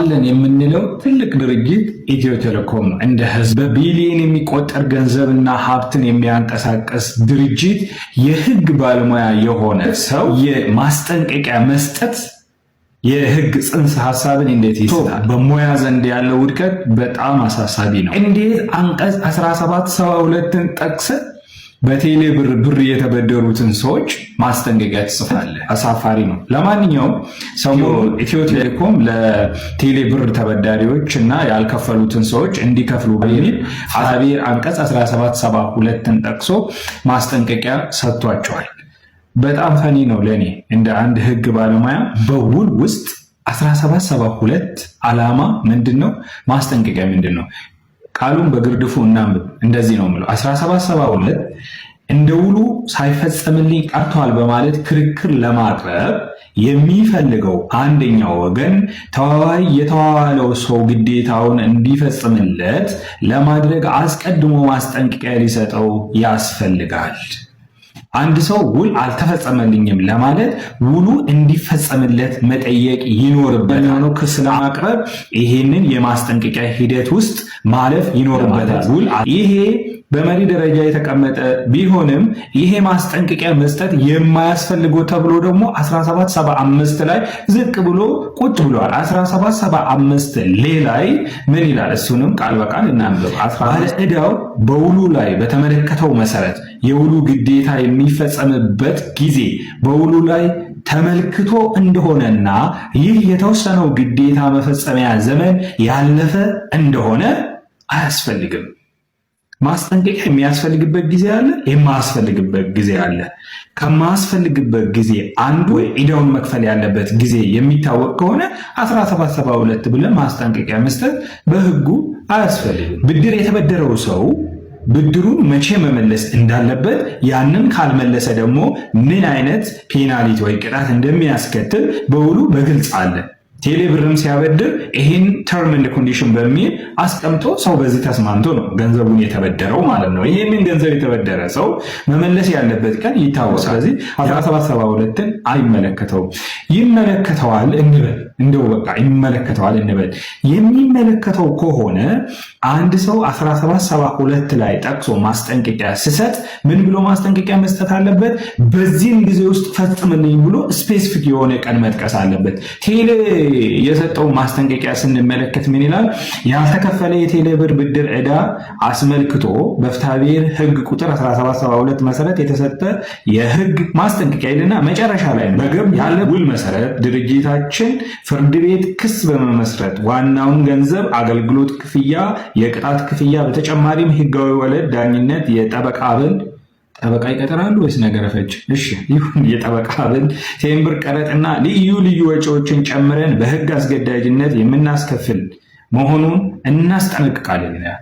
አለን የምንለው ትልቅ ድርጅት ኢትዮ ቴሌኮም እንደ ህዝብ በቢሊዮን የሚቆጠር ገንዘብና ሀብትን የሚያንቀሳቀስ ድርጅት የህግ ባለሙያ የሆነ ሰው የማስጠንቀቂያ መስጠት የህግ ጽንሰ ሀሳብን እንዴት ይስታል? በሙያ ዘንድ ያለው ውድቀት በጣም አሳሳቢ ነው። እንዴት አንቀጽ 17 ሰባ ሁለትን ጠቅሰ በቴሌ ብር ብር የተበደሩትን ሰዎች ማስጠንቀቂያ ትጽፋለህ። አሳፋሪ ነው። ለማንኛውም ሰሞኑን ኢትዮ ቴሌኮም ለቴሌ ብር ተበዳሪዎች እና ያልከፈሉትን ሰዎች እንዲከፍሉ በሚል አብሔር አንቀጽ 1772ን ጠቅሶ ማስጠንቀቂያ ሰጥቷቸዋል። በጣም ፈኒ ነው ለእኔ እንደ አንድ ህግ ባለሙያ በውል ውስጥ 1772 ዓላማ ምንድን ነው? ማስጠንቀቂያ ምንድን ነው? ቃሉን በግርድፉ እናንብብ። እንደዚህ ነው የምለው 1772 እንደ ውሉ ሳይፈጸምልኝ ቀርተዋል በማለት ክርክር ለማቅረብ የሚፈልገው አንደኛው ወገን ተዋዋይ የተዋዋለው ሰው ግዴታውን እንዲፈጽምለት ለማድረግ አስቀድሞ ማስጠንቀቂያ ሊሰጠው ያስፈልጋል። አንድ ሰው ውል አልተፈጸመልኝም ለማለት ውሉ እንዲፈጸምለት መጠየቅ ይኖርበታል። ክስ ለማቅረብ ይሄንን የማስጠንቀቂያ ሂደት ውስጥ ማለፍ ይኖርበታል። ውል ይሄ በመሪ ደረጃ የተቀመጠ ቢሆንም ይሄ ማስጠንቀቂያ መስጠት የማያስፈልገው ተብሎ ደግሞ 1775 ላይ ዝቅ ብሎ ቁጭ ብለዋል። 1775 ሌ ላይ ምን ይላል? እሱንም ቃል በቃል እናንብብ። በውሉ ላይ በተመለከተው መሰረት የውሉ ግዴታ የሚፈጸምበት ጊዜ በውሉ ላይ ተመልክቶ እንደሆነና ይህ የተወሰነው ግዴታ መፈጸሚያ ዘመን ያለፈ እንደሆነ አያስፈልግም። ማስጠንቀቂያ የሚያስፈልግበት ጊዜ አለ፣ የማያስፈልግበት ጊዜ አለ። ከማያስፈልግበት ጊዜ አንዱ ኢዳውን መክፈል ያለበት ጊዜ የሚታወቅ ከሆነ 1772 ብለ ማስጠንቀቂያ መስጠት በህጉ አያስፈልግም። ብድር የተበደረው ሰው ብድሩን መቼ መመለስ እንዳለበት ያንን ካልመለሰ ደግሞ ምን አይነት ፔናሊቲ ወይ ቅጣት እንደሚያስከትል በውሉ በግልጽ አለ። ቴሌ ብርም ሲያበድር ይህን ተርም እንድ ኮንዲሽን በሚል አስቀምጦ ሰው በዚህ ተስማምቶ ነው ገንዘቡን የተበደረው ማለት ነው። ይህንን ገንዘብ የተበደረ ሰው መመለስ ያለበት ቀን ይታወሳል። ስለዚህ 1772ን አይመለከተውም፣ ይመለከተዋል እንበል እንደው በቃ ይመለከተዋል እንበል። የሚመለከተው ከሆነ አንድ ሰው 1772 ላይ ጠቅሶ ማስጠንቀቂያ ስሰጥ ምን ብሎ ማስጠንቀቂያ መስጠት አለበት? በዚህም ጊዜ ውስጥ ፈጽምልኝ ብሎ ስፔሲፊክ የሆነ ቀን መጥቀስ አለበት። ቴሌ የሰጠው ማስጠንቀቂያ ስንመለከት ምን ይላል? ያልተከፈለ የቴሌ ብር ብድር ዕዳ አስመልክቶ በፍትሐብሔር ህግ ቁጥር 1772 መሰረት የተሰጠ የህግ ማስጠንቀቂያ ይልና መጨረሻ ላይ በግብ ያለ ውል መሰረት ድርጅታችን ፍርድ ቤት ክስ በመመስረት ዋናውን ገንዘብ፣ አገልግሎት ክፍያ፣ የቅጣት ክፍያ በተጨማሪም ህጋዊ ወለድ፣ ዳኝነት፣ የጠበቃ ብን ጠበቃ ይቀጥራሉ ወይስ ነገረ ፈጅ? እሺ ይሁን። የጠበቃ ብን፣ ቴምብር፣ ቀረጥና ልዩ ልዩ ወጪዎችን ጨምረን በህግ አስገዳጅነት የምናስከፍል መሆኑን እናስጠነቅቃለን ይላል።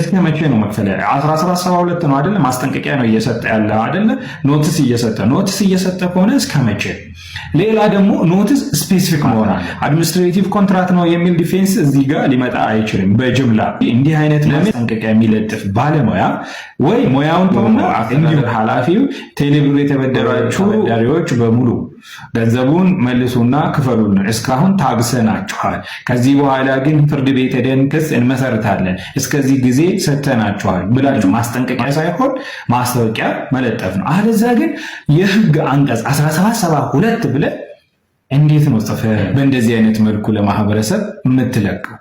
እስከ መቼ ነው መክፈል? 1472 ነው አይደለ? ማስጠንቀቂያ ነው እየሰጠ ያለ አይደለ? ኖቲስ እየሰጠ ኖቲስ እየሰጠ ከሆነ እስከ መቼ? ሌላ ደግሞ ኖቲስ ስፔሲፊክ መሆን አድሚኒስትሬቲቭ ኮንትራክት ነው የሚል ዲፌንስ እዚህ ጋር ሊመጣ አይችልም። በጅምላ እንዲህ አይነት ማስጠንቀቂያ የሚለጥፍ ባለሙያ ወይ ሙያውን እንዲሁ ኃላፊው ቴሌብር የተበደራችሁ ተበዳሪዎች በሙሉ ገንዘቡን መልሱና ክፈሉልን፣ እስካሁን ታግሰናችኋል። ከዚህ በኋላ ግን ፍርድ ቤት ደን ክስ እንመሰርታለን፣ እስከዚህ ጊዜ ሰጥተናችኋል ብላችሁ ማስጠንቀቂያ ሳይሆን ማስታወቂያ መለጠፍ ነው። አለዚያ ግን የህግ አንቀጽ 1772 ብለ እንዴት ነው ጽፈ በእንደዚህ አይነት መልኩ ለማህበረሰብ የምትለቀው?